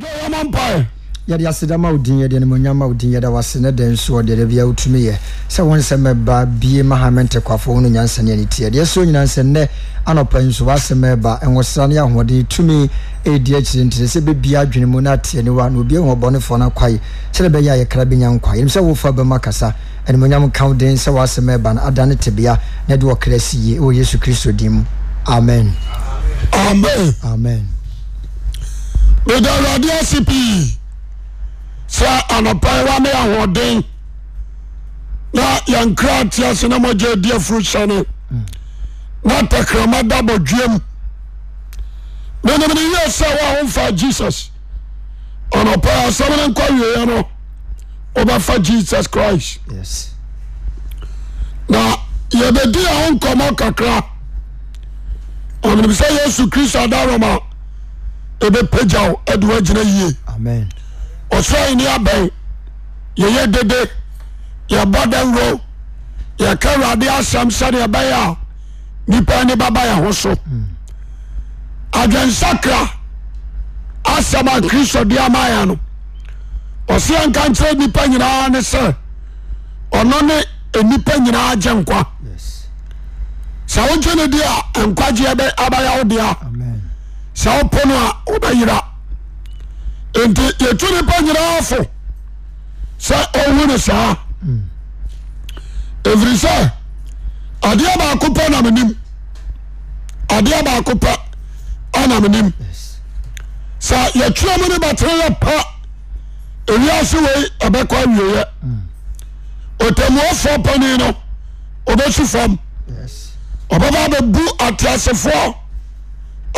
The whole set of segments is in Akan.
yɛyɛ ma mpae yɛde aseda ma wo din yɛde animonyam ma wo din yɛda wase ne dɛn so ɔde ɛda bia wotumi yɛ sɛ wo nsɛm ɛba bie ma ha mentekwafoɔ wo no nyansa ne ani tiɛ deɛ sɛ onyina nsɛ nnɛ anɔpa nso wasɛm ɛba ɛnwosra ne ahoɔden tumi ɛdi akyiri nti sɛ bɛbia adwene mu no ateɛ ne wa na obia hoɔbɔnefoɔ no akwae kyerɛ bɛyɛ a yɛkra bɛnya nkwa yɛnim sɛ wofa bɛma kasa animonyam ka wo den sɛ woasɛm ɛba no adane tebea na ɛde wɔkra si yie ɛwɔ yesu kristo din mu amen amen amen bida awurade ase pii sɛ anɔpaewa ne yɛahoɔden na yɛnkra atiase ne mɔgye adiaforu sane na tɛkrɛmada bɔdwuam menomne wie sɛ wo a wofa jesus anɔpae asɛm no nkɔwieeiɛ no wobɛfa jesus christ na yɛbɛdi a ho nkɔmmɔ kakra ɔmimebisɛ yesu kristo ada arɔma ɛbɛpga dugina ie ɔsrɛ yi ne yɛabɛn yɛyɛ dede yɛbɔ da wuro yɛkɛ awurade asɛm sɛne ɛbɛyɛ a nnipa ni bɛba yɛ ho so hmm. adwensakra asɛm a kristo deɛ amayɛ no ɔseyɛ nka nkyerɛ nnipa nyinaa ne sɛ ɔno ne nipa nyinaa gye nkwa sɛ wogyene di a nkwagye abɛyɛ wo deɛa sɛ wopo no a wobɛyera nte yɛto ne pa nyira afo sɛ ɔwene saa ɛviri sɛ ade ɛ baako pa anamnim ade ɛ baako pa anamnim sa yɛtwuramone batera yɛ pa ɛwia sewei ɛbɛkɔ awieyɛ ɔtemo ɔfoɔ pane no ɔbɛsi fam ɔbɛba bɛbu atiasefoɔ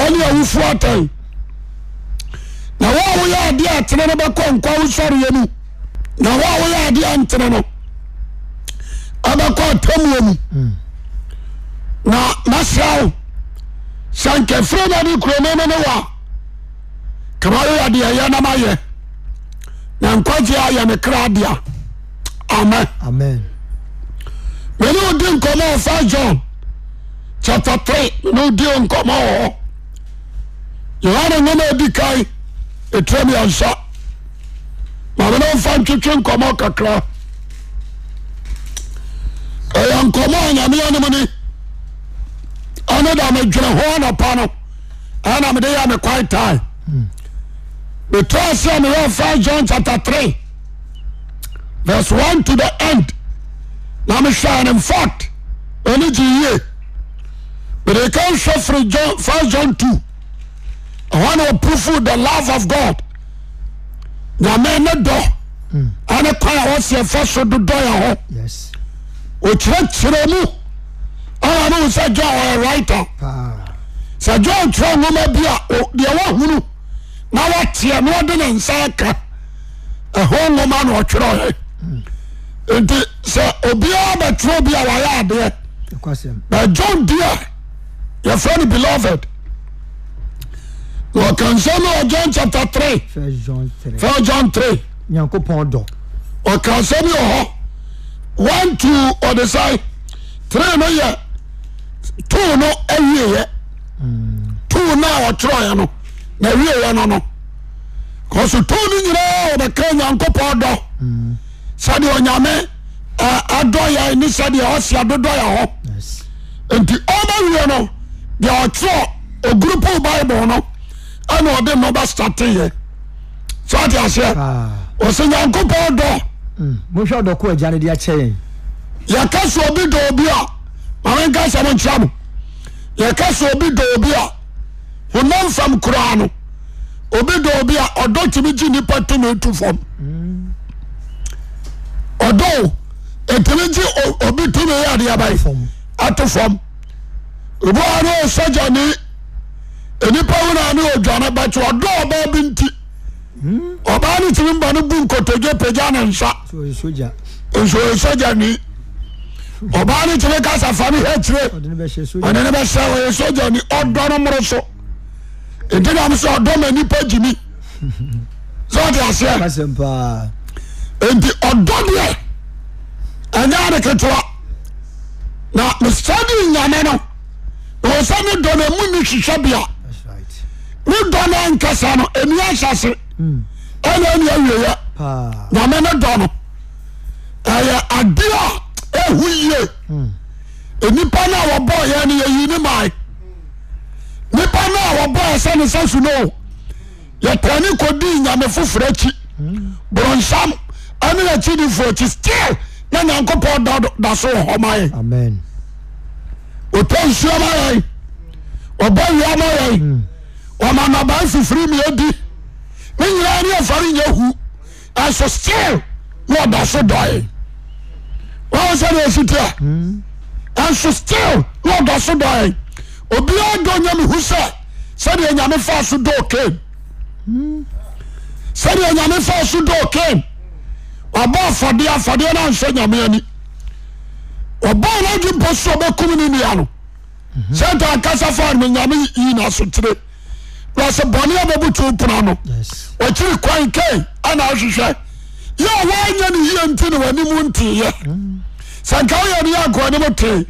ɛnewofua atn na woawo yɛ ade atea no bɛkɔ nk wosareɛ nu na woawo yɛadea ntea no abɛkɔ tamua mu na masra wo sankɛfrɛ mɔde kurone no ne wa kamawoyadeayɛ namayɛ na nkagye ayɛ mekra dea amɛ mene odi nkɔmɔfa jon katapre mne odo nkɔmɔ adi kae trmeasa mamnefa ntwetwe nkɔmɔ kakra ɔya nkɔmmɔ anyameanom ne aneda me gwere ho anɔpa no ɛɛna mede yɛ me kwitta metraasea meyɔ first john chapta three vers one to the end na meswɛanefot ɔne gyeye but ɛkam hwɛ fere jonfirst john two nɔpofo he love of god nyame ne dɔ ane ka ɔsiɛ fa so dodɔ yɛ hɔ ɔkyerɛkyerɛmu ɔa neu sɛ john ɔyɛwrita sɛ jon kyerɛ nwoma bi a deɛ woahunu na woateɛ no ode ne nsan ka ho nwoma naɔtwerɛɛ nti sɛ obiaa bɛterɛ bi a wyɛ adeɛ bɛt jon dea yɛ friend beloved sɛjo 3jon 3 ɔkasɛ mi ɔ hɔ o 2 ɔdesi te no yɛ too no wieɛ too naa ɔkyerɛɛ no nawieɛ no no sto ne nyira ɔbɛkra nyankopɔn dɔ sɛdeɛ ɔnyame adɔyɛ ni sɛdeɛ ɔsi dodɔ yɛ hɔ nti ɔba weɛ no deɛɔkyerɛ grop bibleno ade ma ba sate yɛ so ate aseɛ ah. ɔsɛ nyankopɔn dɔ mm, mohwɛ ɔdɔko agya ne de akyɛ yɛn yɛka sɛ obi dɔ obi a mamenka sɛ mo nkyerɛ mo yɛka sɛ obi dɔ obi a honam fam koraa no obi dɔ obi a ɔdɔ tumi gye nnipa tumi tu fam mm. ɔdɔ ɛtumi gye obi tumi yɛ adeɛ abae ato fam obi a no sɔgya ne nipa hono ne dwan bɛke ɔdɔɔbabinti ɔba ne kyimi ba no bu nkoa pagyane nsa nsɛsoyani ɔba ne kyimi kasafa no hɛkirɛ ɔne ne bɛɛ ɔɛ soyani ɔdɔno moro so nti nmɛ ɔdɔma nipa gyini sɛ aeɛni ɔdɔ deɛ ɛnyɛ aneketora na mesadi nyame no nɔ sɛ ne dɔ n mune hwehwɛ bia ne dɔ ne ankasa no ɛnua ahyɛse ɛne anu awiea nyame no dɔ no ɛyɛ adeɔ ɛhu yie nipa no a wɔbɔɔ yɛ no yɛyine ma nnipa na a wɔbɔ ɛ sɛne sa su no o yɛtane kɔdii nyame foforɔ akyi borɔnsam anenakyinefo akyi still na nyankopɔn da so ɔ hɔ mayɛ ɔpɔ nsuama yai ɔbɔ wiama yai wɔma nɔbae fifiri me adi me yiraa ne afare nyɛ ahu nso stil adso dɔ sɛdefitiansoso ɔamhu sɛɛɛaaɛdeɛ nyamefaa so doɔ am bɔafdɛdeɛ nons yaan ɔbɔ noadwempo so ɔbɛkum ne na no sɛntkasafannyame yinasoerɛ sɛbɔnɔonn akyere ka ke anahwehwɛ yɛwɔnyaneyientine wnem nteyɛ sankaoyɛnakne mte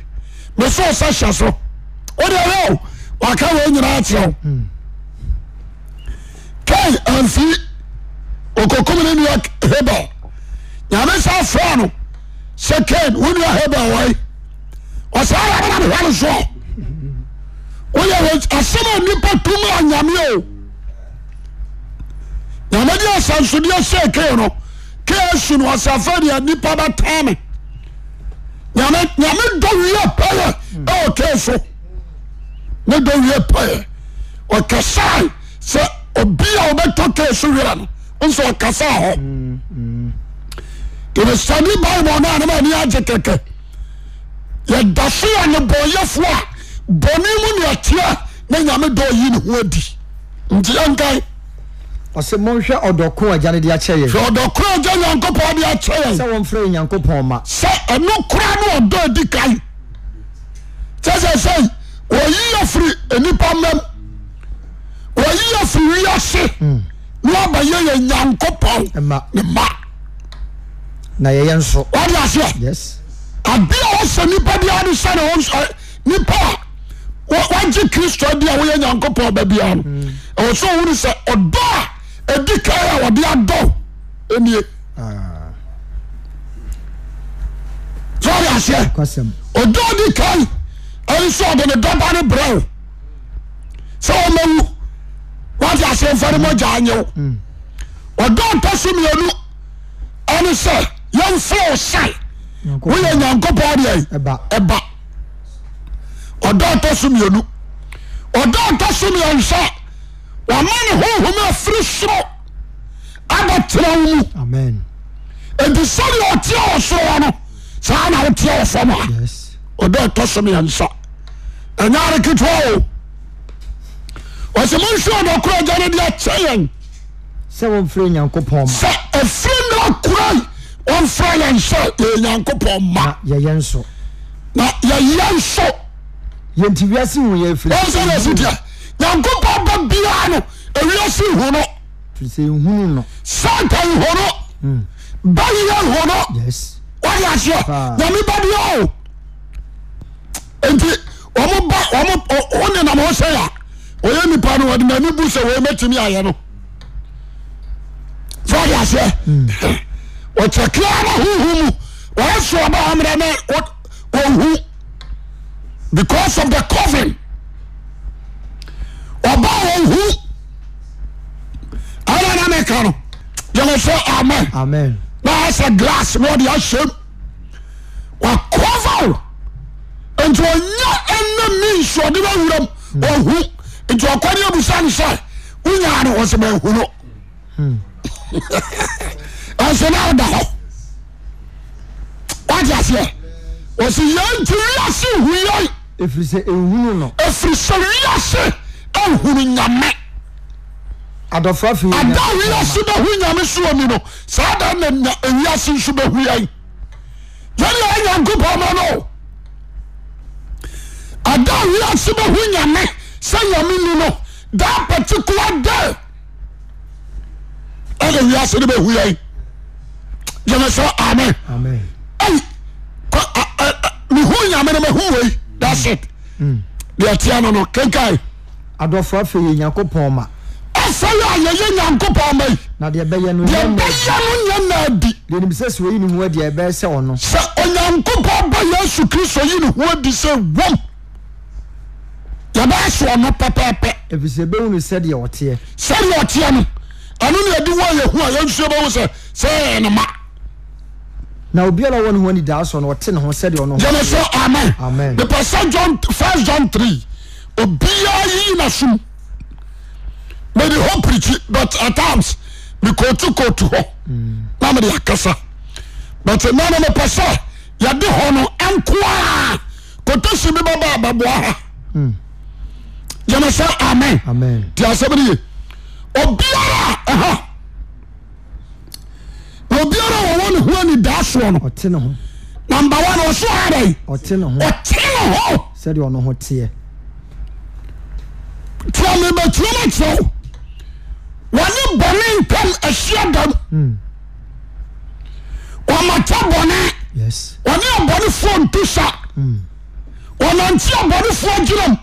mesosahyɛ so oe ka nyina ns nna habal nyamesa fa no se onaaba saana yɛasɛna nipa tumi a nyame o nyamegye asansodeɛ sɛ kee no kɛ asi no asafade a nnipa bɛtaa me nyame dɔ wiɛ pɛɛ ɔke so nedɔwie pɛɛ ɔkasae sɛ obia ɔbɛtɔ ke so wera nosɛɔkasa hɔ ɛ sady bible nnnɛgye kkɛ yɛda se a ne bɔyɛfoɔ a bɔne mu neatea na nyame dɔ yi ne ho adi nti yɛnkae ɔsɛ monhwɛ ɔdɔko agya ne de akyɛ yɛn. sɛ ɔdɔko agya nyankopɔn de akyɛ yɛn. sɛ wɔn fɛrɛ nyankopɔn ma. sɛ ɛnu kura ne ɔdɔ edi kan kyesɛ sɛ wɔyi afiri enipa mɛm wɔyi afiri wiase hmm. ne aba yɛ yɛ nyankopɔn ne ma. na yɛyɛ nso. wɔde aseɛ. yes. abi a wɔsɛ nipa bi a wɔde sɛ ne ho nsɛ nipa wagye kristo adi a woyɛ mm. nyankopɔn ba bia no ɛwɔ sɛ wohunu sɛ ɔdɔ a ɛdi kae a wɔde adɔ ɛnie sɔre aseɛ ɔdɔ di kae ɛne sɛ ɔde ne dɔba no brɛ wo sɛ wɔmawu wode aseɛ mfa no mɔgyaa nyɛ wo ɔdɔ ɔtɔ so mmienu ɛne sɛ yɛmfrɛ wo sae woyɛ nyankopɔn deɛ ɛba ɔda tɔ so mn ɔda ɔtɔ somyɛnsa wamane hɔhom afire soro adatra wo mu nti sɛneɛ ɔteɛ wɔ soro ɔ no saa na woteɛ ɔfama ɔsoɛs ɛak ɔsɛmons ɔdɔkora gyanedi kyɛ yɛnsɛ afirinakora ɔmfrɛ yɛnsa onyankopɔn ma yɛyɛ nso yɛnti wiase hu yɛ firi wọn sọ yẹsi diẹ yankun pa bọ biara no ewia si hono firi sɛ nhunu no satan hono bayiya hono yes wọ́n yà sọ nyàmú bá diẹ o nti wọn ba wọn wọn nenam wọn sẹ yà wọn yẹ nipa no wọn nani bu sẹ wọn mẹtìmí ayẹ no fọwọ́n yà sẹ ọ̀kyẹ̀kẹ́ ara hmm. huhu mu wọ́n sọ ọba amúnẹ́mẹ́ wọ́n hu. because of the covin ɔba ɔhu ananamɛ kano yawɔsɛ ama maasɛ glass mɛɔdeasɛ wakove enti ɔnya ɛna minsɔ de bawiram hu nti wɔkɔne abusan sa wonya no ɔsɛ mahun ɔsna wodahɔ wadeaseɛ ɔs yetiya se ho ɛfiri sɛ wiase ahuru nyame ada wiase bɛhu nyame soa mi no saa dan nnana awiase nso bɛhu yai wane yɛɛ nyankopɔma no ada wiase bɛhu nyame sɛ yame nu no daa patika dɛ ɛɛwiase ne bɛhu yai gemɛ sɛ ame mehuu nyame nomahuei dɛ sɛ deɛ teɛ no no kenkae adɔfoɔ afei yɛ nyankopɔn ma asɛ ye a yɛyɛ nyankopɔn mayidɛbɛyɛ no nɛna diɛsɛindeɛɛɛ ɔo sɛ onyankopɔn bɛ yesu kristo yi ne ho adi sɛ wom yɛbɛɛ sɛ ɔ no pɛpɛpɛ ɛfisɛ bɛhun sɛdeɛ ɔeɛ sɛdeɛ ɔteɛ no ɛno ne adi ho a yɛhu a yɛsua bɛho sɛ sɛ yɛyɛ noma eɛ epɛ sɛ s john 3 obiaa yiyimasom mede ho priki but at mekotu kotu hɔ na mede akasa but nane mepɛ sɛ yɛde hɔ no ɛnkoaa kotosi bi bɛba baboa ha hmm. yamesɛ amen tiasɛmreye obiara ɔbɔ ne ho ani da soɔ no namba one ɔso ara yi ɔte ne ho sɛdeɛ ɔno ho teɛ tura mi bɛ tura mi kyerɛw wɔne bɔne mpɛm ahyia dam hmm. wɔmatwa bɔne wɔne abɔnefoɔ nto sa hmm. wɔnante abɔnefoɔ gyiram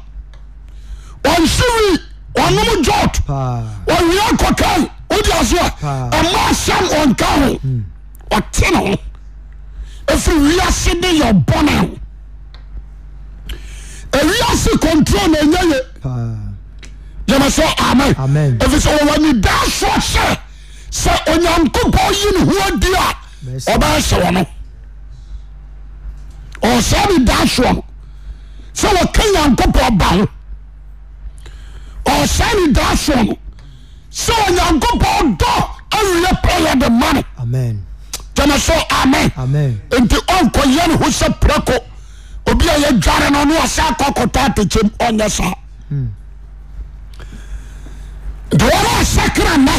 wɔnhyewi wɔnom jot wɔwia kɔkan wodi aso a ɛma asɛm wɔnka ho hmm. ɔte ne ho ɛfiri wiase de yɔ bɔne a awiase control na anya ye yɛmasɛ aman ɛfiri sɛ wɔwɔ ne daa soɔ hyɛ sɛ onyankopɔn yi ne hoa di a ɔbɛahyɛwo no ɔrɔsan ne daasoɔ no sɛ wɔkɛ nyankopɔn ba ho ɔrɔsan ne daa soɔ no sɛ ɔnyankopɔn dɔ awura pɛɛ yɛ de ma no mɛ sɛ ame nti ɔnkɔyɛne ho saprako obia wɔdware no na asa kɔkɔtaata kyam ɔyɛ saa nt wɔresɛkramɛ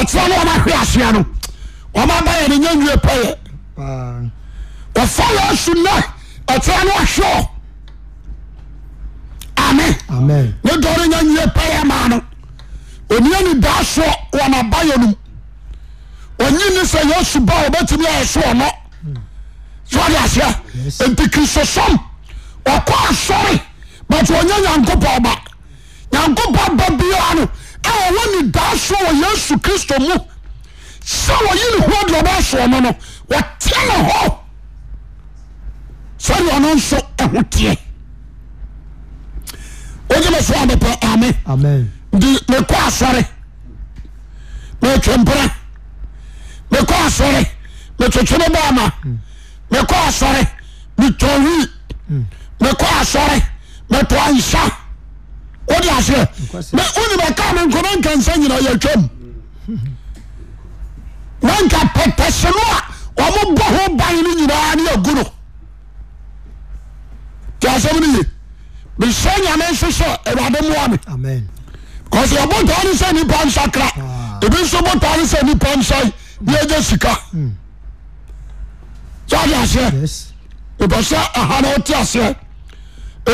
ɛtea ne mahwɛ aseɛ no ɔmaba yɛ ne nyanwiɛ pɛyɛ ɔfa ya asu na ɔtea ne ahwɛɔ ane ne dɔre nyanwiɛ pɛyɛ ma no ɔnianebaa soɔ wana bayɔnom ɔnyine sɛ yɛ suba ɔbɛtumiɛsoɔnɔ seaseɛ nikrisosom ɔkɔ asɔre but ɔnyɛ nyankopɔ ba nyankopɔ ba biaa no ɔwɔ e, nidaa so wɔ yesu kristo mu sɛ ɔyine hode ɔbɛsoɔno no ɔteɛ no ho sɛde ɔno nso ho teɛ woemsoaɔɔ ae neɔ asɔretwpra mekɔ asɔre metetene baama mekɔ asɔre met mekɔ asɔre metoansa wodease oyikankena nsa yinayatom manka petesenoa moboho bae no yinaa ne aguno asɛminee mesɛ nyame sese ade moame aseotonesɛnip nsa kra ah. ebioonesɛniponsa yege sika hmm. sodease bo ahanotease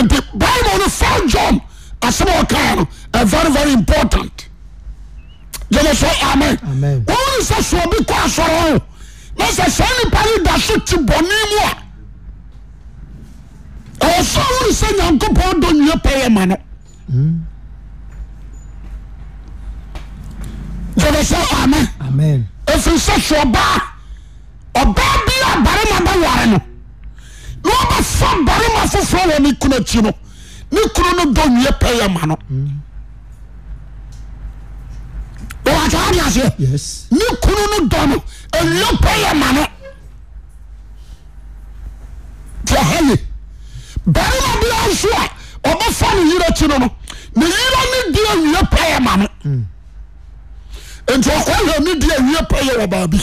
int baimen fa jon asebe okaano a very very important ganoso amen orise suobi ku asoroo nese seni pare da so te bonimua osor orise nyankepo doniya peye mane janeso amen ɛfiri sɛ sɛɔbaa ɔbaa bia barima bɛware no ne wɔbɛfa barima foforɔ wɔ ne kun aki no ne kun no dɔ ia pɛyɛ ma no wtaaneasɛ ne kun no dɔno aia pɛ yɛ ma no fhai barima de aso a ɔbɛfa no yera ki no no na yira ne de awia pɛyɛ ma no nti ɔkɔ hemi dea nwia pɛ yɛ wɔ baabi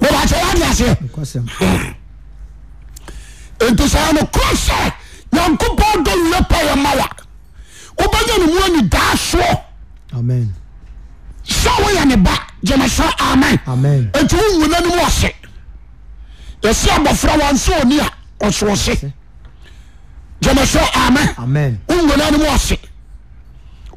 wɔbaakyɛ waadeaseɛ nti hmm. sɛano kora sɛ nyankopɔn dɔ nwia pɛ yɛ mawa wobɛya no mu ani daa soɔ sɛ woyɛ ne ba gyanesɛ ame nti wowana nomu ɔse yɛsɛ a bɔfra wansɛoni a ɔsoɔ se gyanesɛ ame wowana nomɔse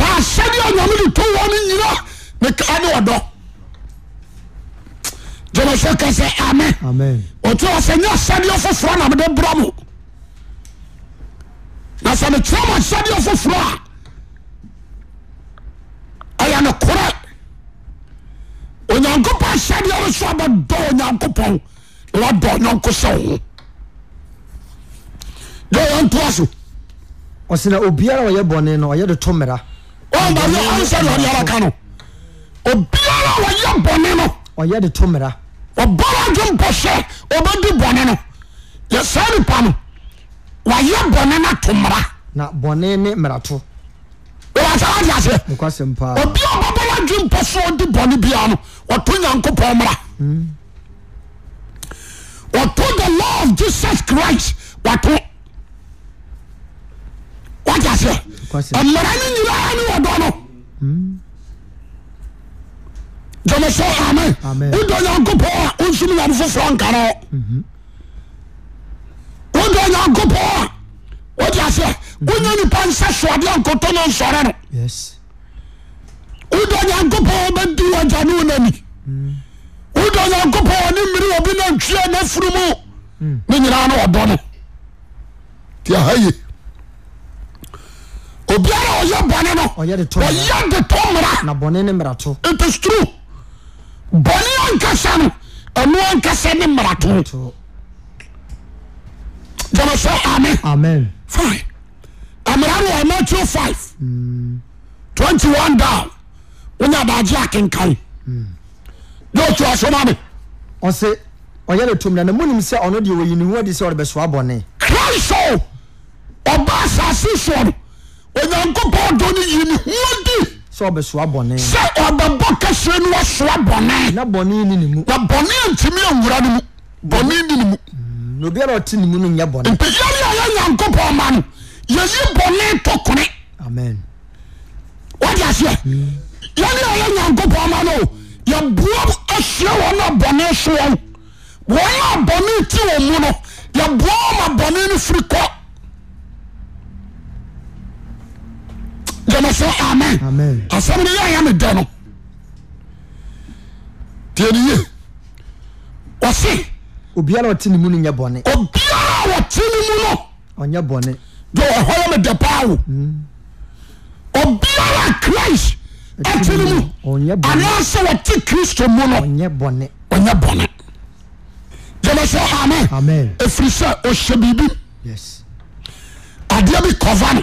asɛde nyame deton yina meka me ɔdɔ ɔsɛɛɛde ɛmekerɛma ade oorɔ ɔyɛ nokore onyankopɔn sɛdeɛreso bɛɔ onyankopɔn na waɔ nnoso e ɔyɛ oa so ɔsena obiara ɔyɛ bɔne no ɔyɛ deto mmra ɔnbari ɔnsɛ lɔri ara kan no obiara wɔyɛ bɔnne no ɔyɛ de to mìíràn ɔbɔra ju mpɔsɛ ɔbɛdi bɔnne no yɛsɛ nipa no na to mìíràn. na bɔnne ne mìíràn to. wàtí wàtí ase. nkwasi mpa. obi a ɔbɛbɔra ju mpɔsɛ ɔdi bɔnne bia no ɔto nyanko pɔn mìíràn. ɔto hmm. the law of Jesus Christ wato. mara ne nyira ne wɔdɔ no omesɛ aa wodɔ nyankop a wosmyan foforo nkan mhm. wodɔ nyankopɔ a wodase mhm. woyanipo nsɛ soadeɛ nkoto no nsɔre no wodɔ nyankopɔ badi wagya ne onani mhm. wodɔ nyankopɔ ne mmiri obenantwia na furum ne nyera ne wɔdɔno obiara a ɔyɛ bɔne no ɔyɛ de tɔ mmara na bɔne ne mmarato it is true bɔne ankasa no ɛno ankasa ne mmarato gyama sɛ amen amen fine amara no wɔ matthew five hmm. twenty one down wonya daagye akenkan hmm. yóò tí wàá sọmọ mi. ɔsè ɔyɛ de tom na ne mu nim sɛ ɔno deɛ oyi ne ho adi sɛ ɔde bɛ so abɔne. kíláàsì oh! ɔba asase sɔrɔ. onyankopɔ dɔne yen w sɛ ɔbabɔ kɛsɛ no wɔsoa bɔnenabɔnentimi awura no mu bɔne ninmyɛneɛyɛ mm, nyankopɔ ma no yeyi bɔne to kone adeaseɛ mm. yɛneɛyɛ nyankopɔ ma ne yabuo asua wɔne bɔne soɔ ɔ bɔne ti ɔ muno yabum bɔne no firi kɔ yamasɛ ama asɛm no yɛya me dɛ no dniye se obiara ɔtenmu nɛɔhɔyɛ medɛpaawo obiara christteno mu anasɛ wɔte kristo mu no ɔnyɛ bɔne yamasɛ ame ɛfiri sɛ ɔhyɛ biribim adea bi kova no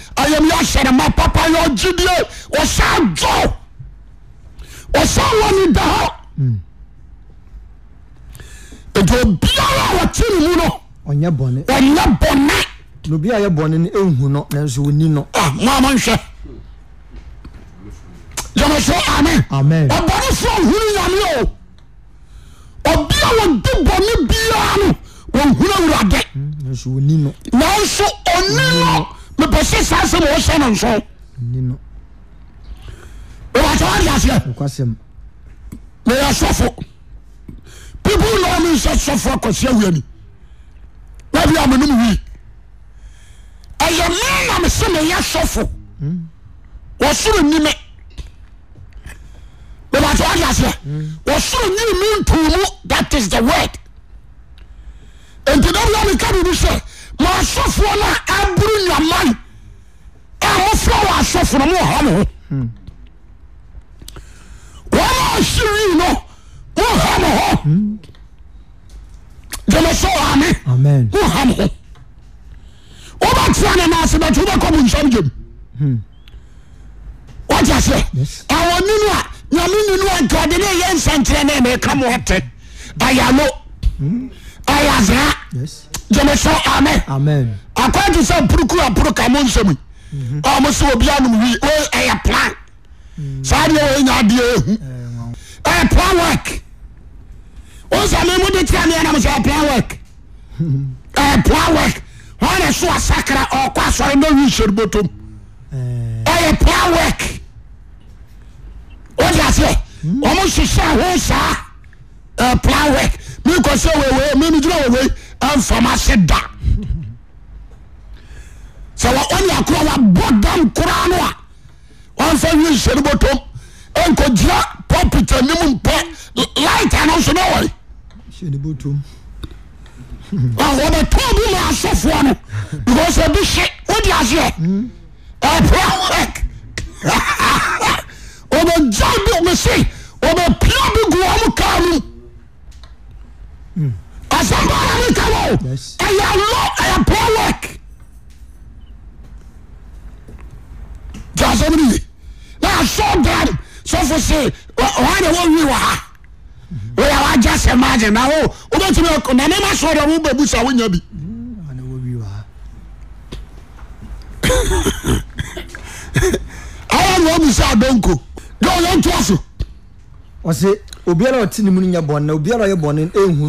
yɔmyɛ hyɛnema papa yɛgye die ɔsa gwo ɔsa wɔ neda hɔ adɛ obiara a wɔte ne mu noɛ ɔ ɔnyɛ bɔneɛɔnnunnnmaama nhwɛ wɛmɔsɛ ame ɔbɔne so hunu yame o ɔbia wɔde bɔne biara no ɔhunu awurade nanso ɔni no mepɛ sɛ saa sɛm wɔhyɛ no nso wɔbɛtɛ wade aseɛ meyɛ sɔfo people na ɔme nsɛ sɔfo akɔsi awiani na bia menom wii ɛyɛ me na mese meyɛ sɔfo hmm. wɔsoro nni me mebɛtɛ wade aseɛ hmm. wɔsoro nyi me ntoo mu that is the word enti da bia meka biribi sɛ moasufo na aburu nama amofra moasofono muham o woneserino moham o jemosoame moham ho woba teane nasobat wobako mu nsamyem hmm. watas awo munua yamenunua nke adene ye nsantire nenekra muate ayalo hmm. eyazea eneso amen akatese burukuabrokemosem meseobinue eya plan mhm. sadweya di epin wek osamimudetimina pan k pin wk ane suasakara oksar newe seriboto ey pin wk odeas ome sese ose a plan ek mekɔsɛ wwe memegyira wwei ɛmfama se da sɛw ɔneakora wabɔ dam kora no a wamfa we hyɛ ne botom ɛnkogyira popitanem ma ligta nonsonew obɛtɔbi maasefoɔ no because bihe wodeaseɛ pr obɛa mese obɛpɛbi gom kanu asamba yà ni kẹwọ ẹyà lọ ẹyà pọ wẹk jẹ asẹmu ni yi So sọ dad sọfọ sẹ wọn yà wọn wi wà ha wọn yà wọn ajá sẹ máa jẹ náà o wọn bẹ tún bẹ nà mm, ní ma sọ dẹ wọn bẹ bu sá wọn yà bi. awọn ni wọn bu sá adonko yọ ọ yẹn tún ɔse obiala ɔte ne mo yɛ ɔnnayɛ nanaapdvicɔsmemanma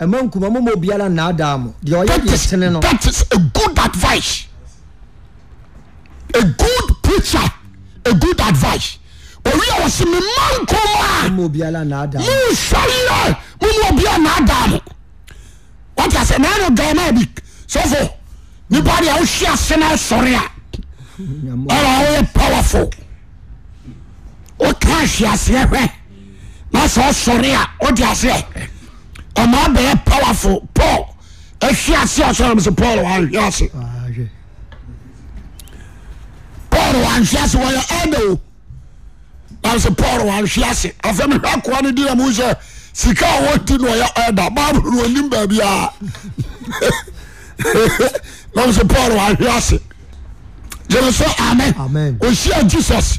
mn nadam tsɛnoama sfo ndea wɔh senosɔrea oka hwe aseɛ hwɛ nasɛ ɔsɔre a wode aseɛ ɔma bɛɛ powerf pal hease snms palnee paul anhease wyɛ adao nams pa wanhwease af mehwɛ koa no dinmosɛ sika woin yɛ ada anim baabia nms palwnhwease em so ame ohea jesus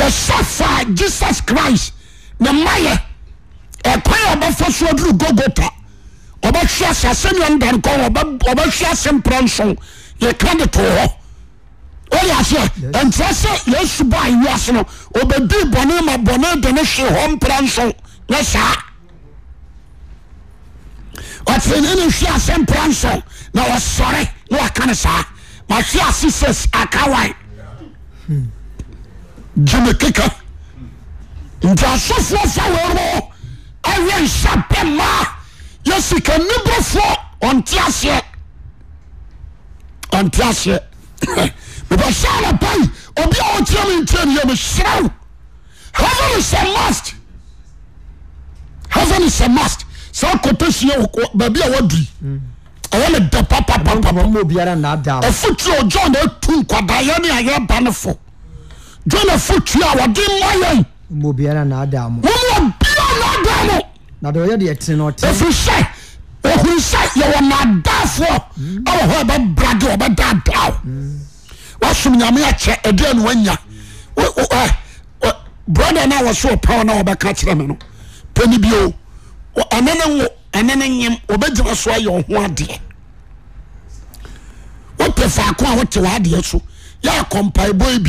yɛsafa jesus christ The mayɛ ɛkwan a ɔbɛfa so aduru gogota ɔbɛhwe asase ne ɔndankɔ ɔbɛhwe asempra nson yɛka de to hɔ wọ́n aseɛ ntura sɛ yesu bɔ ayi ase no obedi bɔnne ma shi de ne hwe hɔ mpira nso ne saa ɔtí ne ne hwe ase mpira nso na ɔsɔre na ɔka ne saa ma hwe ase sɛ akawai. Hmm. ime keka nti asofu sa wr e nsapema yesikanibrfo ntntɛa timninymesere s ssst saindt tdnynfo ona fo tua a wɔde myɛ om biara naada m ɛfisɛ ɔhu sa yɛwɔ no adafoɔ wɔhɔbɛbrade ɔɛdada wosom nyameɛkyɛ nonyabroa nowɔsoɔpanɔɛka kyerɛme no n n ɛimyodofaoɛɔpbɔb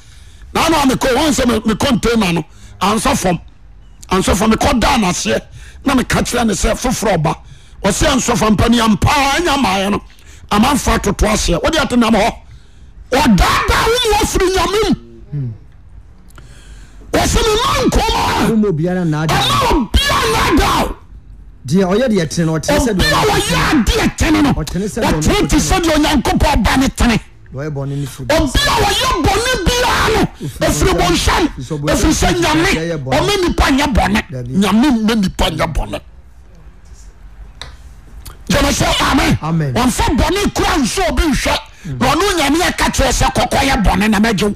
Na nana mekɔ wɔn sɛ me container no ansa fam ansa mi mekɔ da n'aseɛ na meka kyerɛ ne sɛ foforɔ ɔba ɔsɛ ansɔfa mpani ampaa anya maayɛ no amanfa toto aseɛ wode ate nam hɔ ɔdaadaa wo mu wɔfiri nyame mu wɔsɛ mema nkɔma ɔma obia nadaw deɛ ɔyɛ deɛ tene no ɔtene sɛ deɛ ɔyɛ adeɛ tene no ɔtene te sɛ deɛ onyankopɔn ba ne tene obi a wɔyɛ bɔne bi nɛfiri bonhyanɛfiri sɛ nyame omannipa nyɛ bɔne nyame mennipa nyɛ bɔne kyemesɛame ɔmfa bɔne kura nso obe nhwɛ na ɔne yamea ka terɛ sɛ kɔkɔ yɛ bɔne na mɛjewo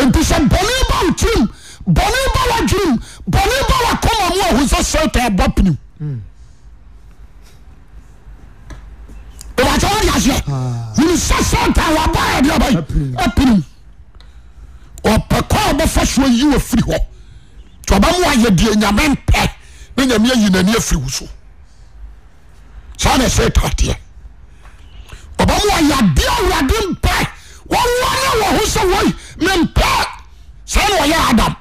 enti sɛ bɔne ba o kyirim bɔnebawairom bɔne bowakomamu ahoso sɛta aba pinim hmm. deɛɛ satndap ɔpɛk ɔbɛfa soa yi wafiri hɔ nti ɔbɛmayɛdeɛ nyamempɛ ne nyame yinani afiri o so saneɛsɛadeɛ ɔbmayɛewrepɛ nehoɛi epɛ sɛ ne ɔyɛ ada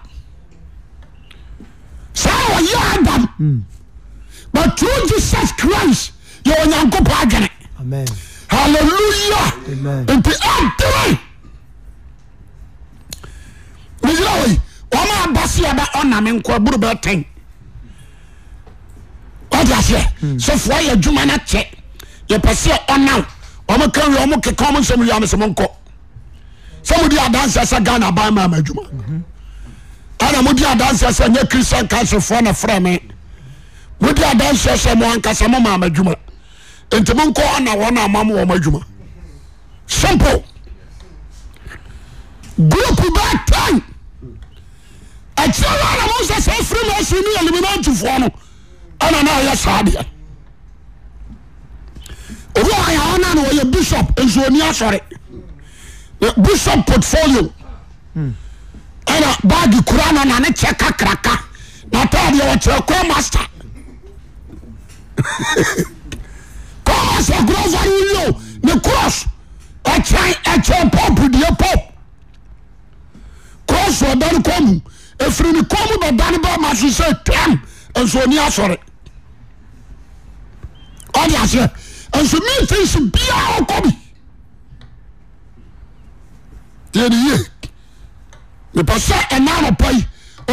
sɛ ne ɔyɛ adam hmm. but tru jesus christ yɛ onyankopɔ adwene aleluyai ar meyerae maabasiɛ ba namenkɔbroɛtnsɛsfu umankɛpɛsnakksnsɛmodidansa sɛ nbmma umainssɛyɛrin kasfnssaauma ntimonkɔ anawɔna mamwɔma dwuma sop group ba tn akyirɛ wa namosɛ sɛ firimaasinianeminantifoɔ no anana ɔyɛ saa diɛ ofa yaana na ɔyɛ bisop nsuni asɔre bishop portfolio ana badi kora no nane kyɛ kakraka natadeɛɔkyeɛko master kse krosary ne cross etya etye pope dee po cross ebane komu efireni komu bebane bemasse tem nsonasore d nsmefis bia kobi edye epese nanai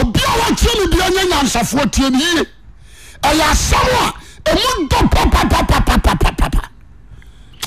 obiawa tenbi ye yansafo tieme eya saa emudopapapa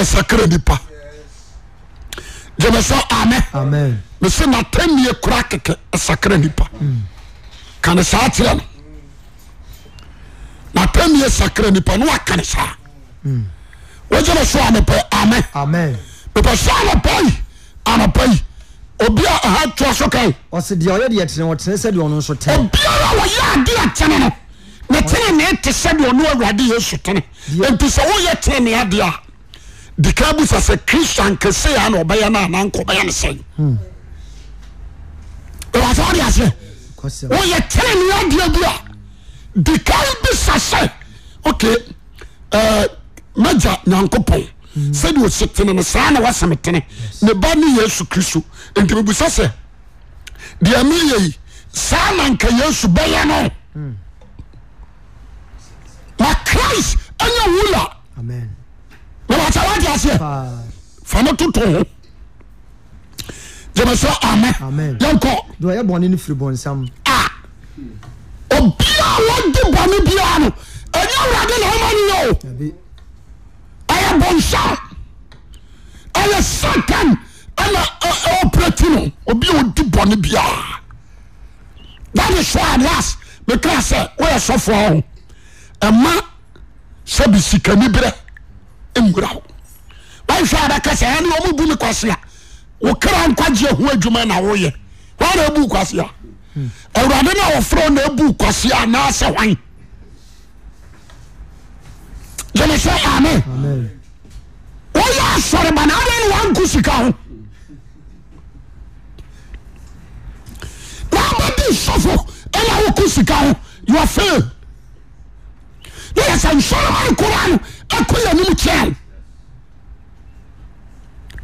esakara nipa gameso ame mese natamie kura keke asakara nipa mm. kane saa terɛno natamie sakaranipa newakane saa mm. wogyene so anepa ame epsɛ anapai anapai obituaso kaobiara woyɛadea tene no ne tene ne te sɛdeono awurade ysu teneenti sɛ woyɛ tee neadea dika b sa sɛ kristo ankaseana ɔbɛyɛ nonanka ɔbɛyɛ no sɛ ɛbasa wode asɛ ɔyɛ tere ne waadea bu a dika bisa sɛ ok mɛgya nyankopɔn sɛdeɛ ɔke tene ne saa na wasemetene mm. ne ba ne yesu kristo nti mɛbu sa sɛ deɛ meyei saa nanka yɛ su bɛyɛ no na crist anya wu la mɛmata wade aseɛ ah. fa no toto ho yemɛsɛɛ ama yɛnkɔa obia wɔdi bɔne biara no ɛnɛ awurade ne homa neyɛo ɛyɛ bɔnsam ɛyɛ sakan ana ɛwɔpratu no obia wɔdi bɔne biara hane soa alas mekra sɛ woyɛ sɔfoa ho ɛma sɛ bisikaniberɛ baaasanmob me kasea wokra nkah uanayɛ n a raden ofrnaa kaseanase a eesɛ oyɛ sɔrebannwnk sika ho badi sofo nawok sika ho ɛyɛ sɛnsɔremankora no akɔ yanom kyɛɛ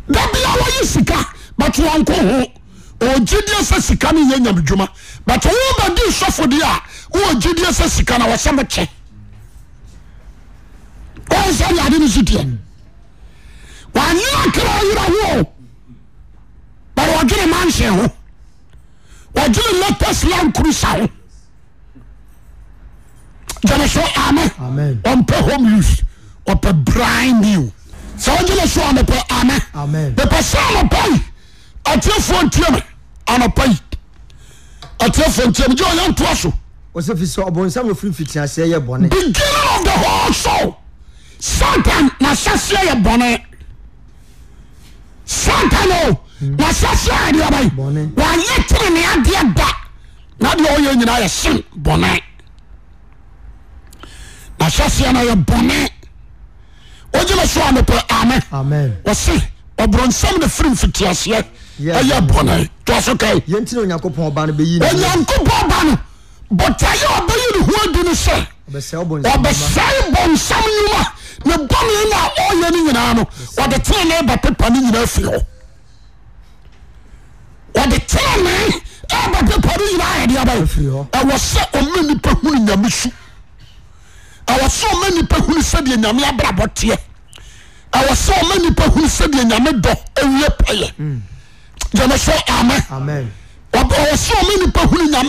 bɛbia wɔyɛ sika bɛt wɔnkoho ɔgyedeɛ sɛ sika no yɛ nyamedwuma but wobadi oh, sɛfodeɛ oh, a woɔgyedeɛ sɛ sika na wɔsɛmekyɛ sɛnede no sdɛ nɛ krɛyera ho bt ɔdwene manhye ho ɔgyere naposlankru saho pɛhe s pɛ brin nenep epsoanɔpai atuafo ntuem anpai atufte yetoasobeginnin of the wle sou satan na sasɛyɛ bɔne satan oh. hmm. nasaɛdba ye tire neadeɛda na d yeyinayɛ sen bɔne ahyɛseɛ no yɛbɔne ɔgyeme soanɔp ame ɔsɛ ɔborɔnsɛm ne frifitiaseɛɔyɛ bɔne soonyankopɔn bano butayɛ ɔbɛyine ho adino sɛ ɔbɛsɛe bnsam nma ne bɔne na ɔyɛno nyinaa n ɔde tenebappa no nyina firi hɔ ɔde tene bappanoynaɛdewɔ sɛ ɔma nnipa hun namsu wɔsɛma nipa hunu sɛdeɛ nyamebrabɔteɛ wɔɛma nipun sɛd nyame ɛna nipun a areɔ n mu t rapɛs rɛo nnyiasɛ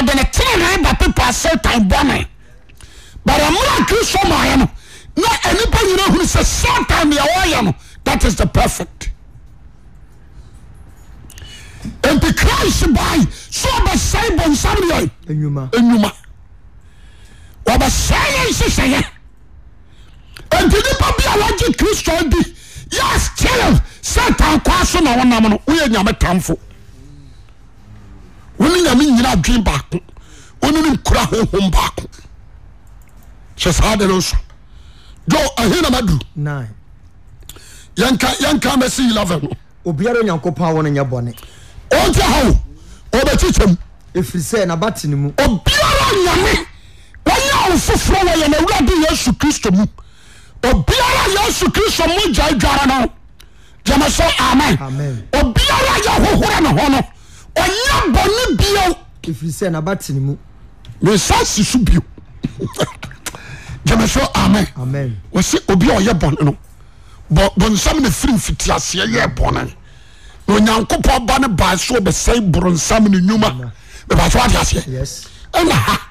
saɛaic n cris ba sɛɛsɛ b sa wuma wbɛsɛ yɛ nhesɛyɛ ɛntinipa bia wogye kristo di yaski sɛ tankoa so nawonam no woyɛ nyame tamfo wone yame yina dwebaaonn nura oobaa sɛ saa de no s o henamadu yɛnka mɛsi yilava no obiara onyankopɔ wonyɛ bɔne t hao ɔbɛikyɛm ɛfiri sɛ nabatenemu aae wo foforɔ wɔ yɛn awurade yesu kristo mu obiara yesu kristo mu gya adwara no gyama sɛ amen obiara yɛhohorɛ ne ho no ɔnyɛ bɔne bio ɛfiri sɛ nabatene mu mensa si bio gyama sɛ amen wɔ obi a ɔyɛ bɔne no bɔnsam na firi mfitiaseɛ yɛ bɔne na onyankopɔn ba ne baa so wɔbɛsɛe boronsam ne nnwuma mebaa so wade aseɛ ɛna ha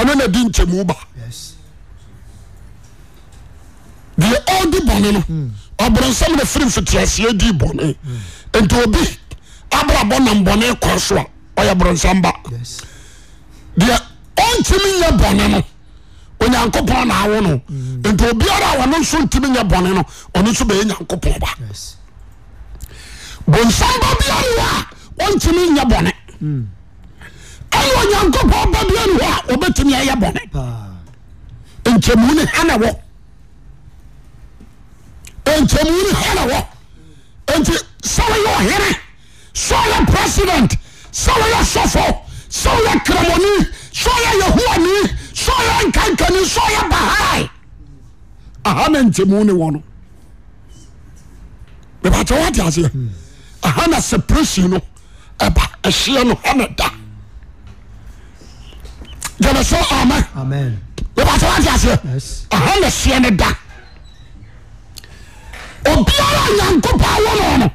ɛnnadinkewo ba deɛ ɔdi bɔne no ɔbronsa hmm. mne firi fitiasea di bɔne hmm. nt obi abrabɔnabɔne kɔ sowa ɔyɛ bronsam ba deɛ ɔnkemi ya bɔne no onyankopɔn naawono hmm. nt obiara ɔne nsontimi yɛ bne no ɔn so beɛ nyankopɔn ba bonsam ba biara ɔnkemi yɛ bɔne ɛnɛ onyankopɔn ba biane hɔ a ɔɛtumiɛyɛ bɔno nkɛm n anawɔn n anawɔ nti sɛw yɛ ɔhere sɛ yɛ president sɛw yɛ sɔso sɛwyɛ kramɔne sɛ yɛ yhowane sɛ yɛ nkankane sɛyɛ bahai ahana nkɛmu ne wɔ no ɛeeɛanasɛpres nohɛaada sɛne d obiara nyankopɔn wonno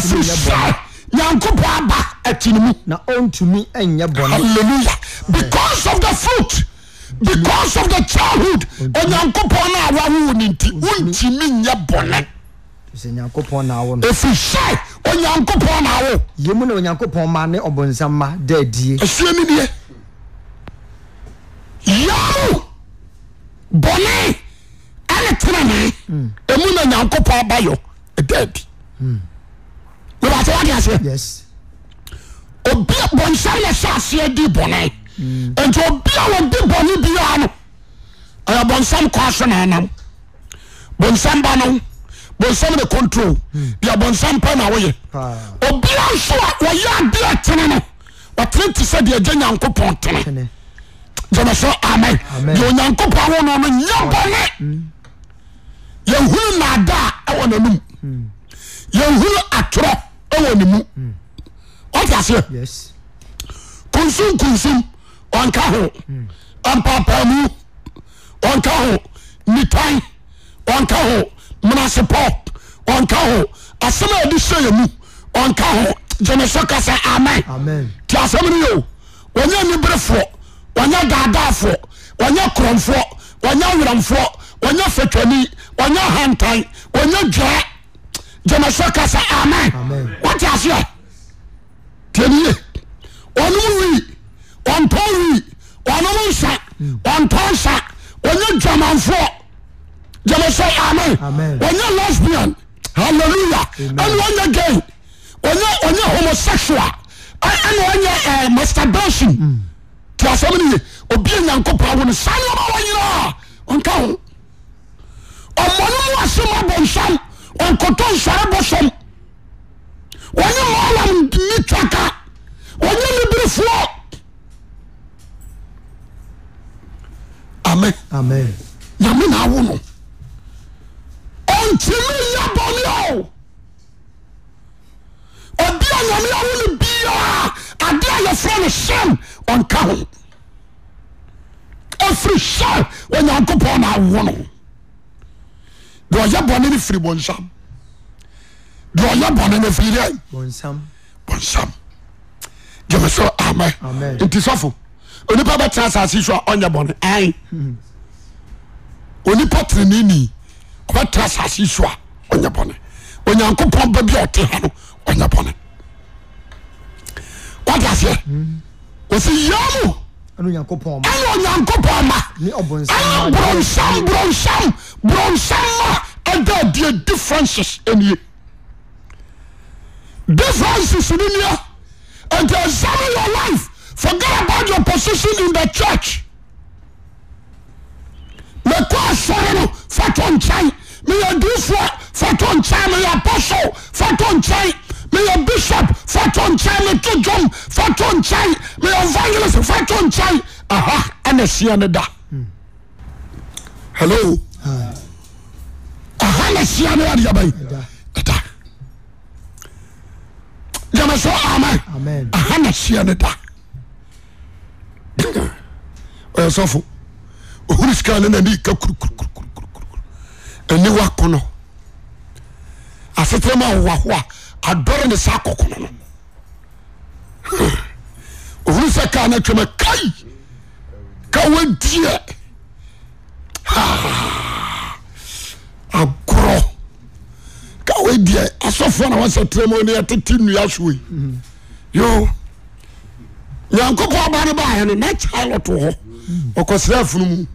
sesɛn nyankopɔn aba atinemunyɛ beause of the foi eause of the childhood onyankopɔn no awahoonenti ontumi yɛ bɔne ynpɔɛfi sɛ onyankopɔn nawoyaɛsmii yar bone ɛreterana ɛmu na oyankopɔn bayɔ dadi ba wadeasɛ bonsɛm na ɛsɛaseɛ hmm. hmm. di bɔne hmm. nti obia wɔbi bɔne biaa no ybonsam koaso naanam bons bano se cntlbns paawoyɛ obia nso a ɔyɛbia tene no ɔterete sɛdeɛ agye nyankopɔn tene ɛmɛso amen deɛ onyankopɔn wono no yɛbɔne mm. yɛhuro naada a ɛwɔ nanom mm. yɛhuro atorɔ wɔnemu mm. ɔfaseɛ konsumkonsum ɔnka ho mpapamu ɔnka ho nitan ɔnka ho mnaspo nka ho asamaade soamu ɔnka ho jeneso kasa ama tiasɛmre ye nya nniberefoɔ nya dadafoɔ ya koromfoɔ y weramfoɔ ya fatwani onya hantan onya daa janeso kasa ama wtiaseyɛ tnie nm wi ntwi nn gyamsɛ ame ɔnyɛ lesbian halleluya ane aya gan ɔyɛ homosexual ane wanyɛ eh, masterbation mm. towasɛmne ye obie nyankopo awono ah. sany mma yenaa nka ɔmone mu asom abɔnsam ɔnkoto nsare bo som wonye waalam mi traka oya me berifuo ame yamenwono nkimi ya bɔne ɔdi awamewo no biaa ade ayɛfrɛ no hɛm ɔnka ho ɛfiri hwɛ ɔnyankopɔn na awo no de ɔyɛ bɔne no firi bonsam de ɔyɛ bɔne no frira bonsam gemese amɛ ntisofo onipa bɛtera saase so a ɔyɛ bɔne ai onipa tereneni raeya seyamn onyankopn mar brosa ded differences n differencesnona ant sano yo life forge about yor position in he crc mekɔ asɔre no fatɔ nkyɛn meyɛ difoɔ fatɔ nkyɛn meyɛ apɔsol fatɔ nkyɛn meyɛ bishop fatɔ nkyɛn meto dwom fatɔ nkyɛn meyɛ evangelist fatɔ nkyɛn aha ɛna sia no da hello aha na sia no adeɛ bɛyi ɛda gyama amen aha na sia no da ɔyɛ sɔfo skanennika k ɛniwakono aseteram hhoa adarene saa ko konno ohru sɛ ka ne toa kai kawadiɛaaw asfo nawasɛtramnettn yankopɔ bane bahno na chilot hɔ kserɛfunm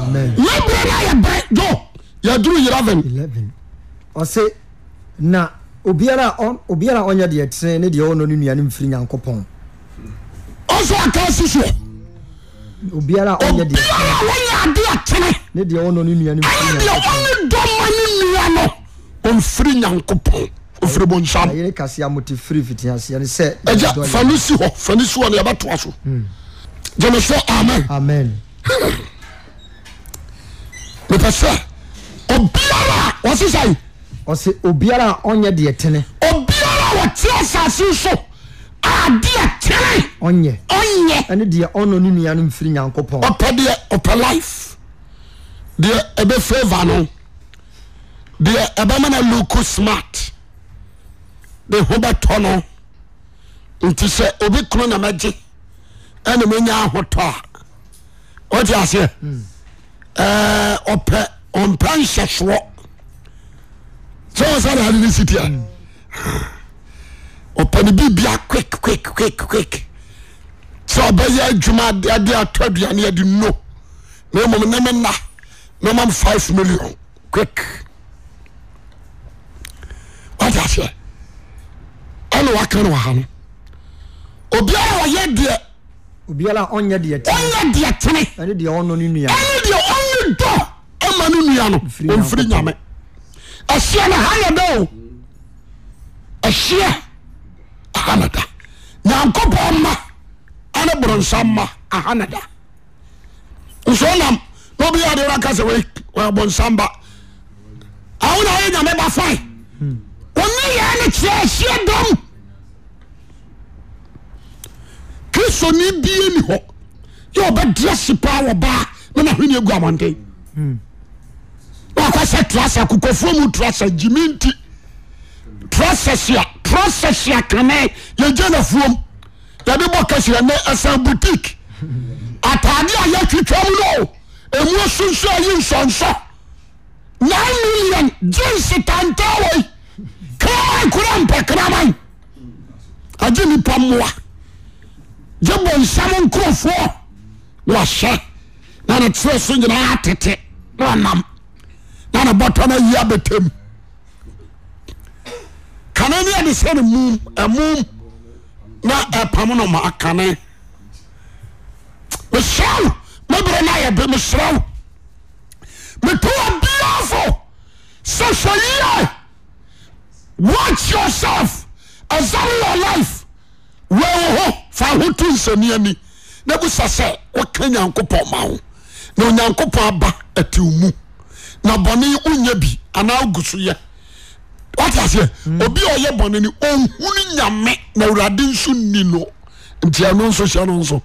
aa yɛbre o yɛaduro y ɔse na arɛ dedeɛ nmfi yanɔmfiri nyankopɔn frɛɔayene kasea moe fri fitiaseɛ n sɛ ɔnbɛa so geesɛ amn pɛ sɛ obiara ɔse sɛ s obiara a ɔyɛ deɛ tene obiara a wɔteɛ sase nso a deɛ tee yɛ yɛ ne deɛ ɔnɔ no nua no mfiri nyankopɔnɔpɛdeɛ ɔpɛ life deɛ bɛ feva no deɛ ɛbɛmano loko smart de ho bɛtɔ no nti sɛ obi kono na mɛgye ɛnemɛnya aho tɔ a oɛti aseɛ hmm. Eh, ɔpɛ ɔmpra nhyɛsoɔ sɛ sane hare ne sitea ah. ɔpɛne bibia qack sɛ ɔbɛyɛ adwuma de atɔaduane yɛde no ne mo ne mena nemam 5 million qick watafɛ ɛne waka ne wha no obiaa ɔyɛ deɛ yɛ deɛ tene tɔ ma no nua noɔmfiri nyame ɛhiɛ no hanada o ɛhiɛ ahanada nyankopɔ ma ane brɔnsa ma ahanada nso nam ne biɛde wraaɛnsaba woneayɛ nyame bafai hmm. yɛ ne kyeɛ ahia dam kristonebieni hɔ yɛ ɔbɛdrase paa wɔbaa ngumn hmm. kɔsɛ tlase kokofuo mu trase jimenti trsesa trosesea kane yagyanafuom yade bɔkasira ne asanbutik atadeayɛtwitwamuno mu sunso ayi nsonso nn million gensetantawei ka koro mpɛkraba aje nipomoa ye bo nsam nkurofoo wahyɛ nane teɛ so yina aatete ne ɔnam nanebɔtɔno ayiabɛtam kane ne ade sɛne m amom na pamo nomaakane mesr bɛneserɛw metoobiafo sɛ so yia wach yourself azaneyɔ life w o ho faahoto nsaniami na bi sa sɛ woka nyankopɔn mawo na onyankopɔn aba atiw mu na bɔne wonya bi anaa gu so yɛ wataaseɛ mm. obi a ɔyɛ bɔne ni ɔnhuno nyame na awurade nso nni no ntiɛ no nso hyiɛ no nso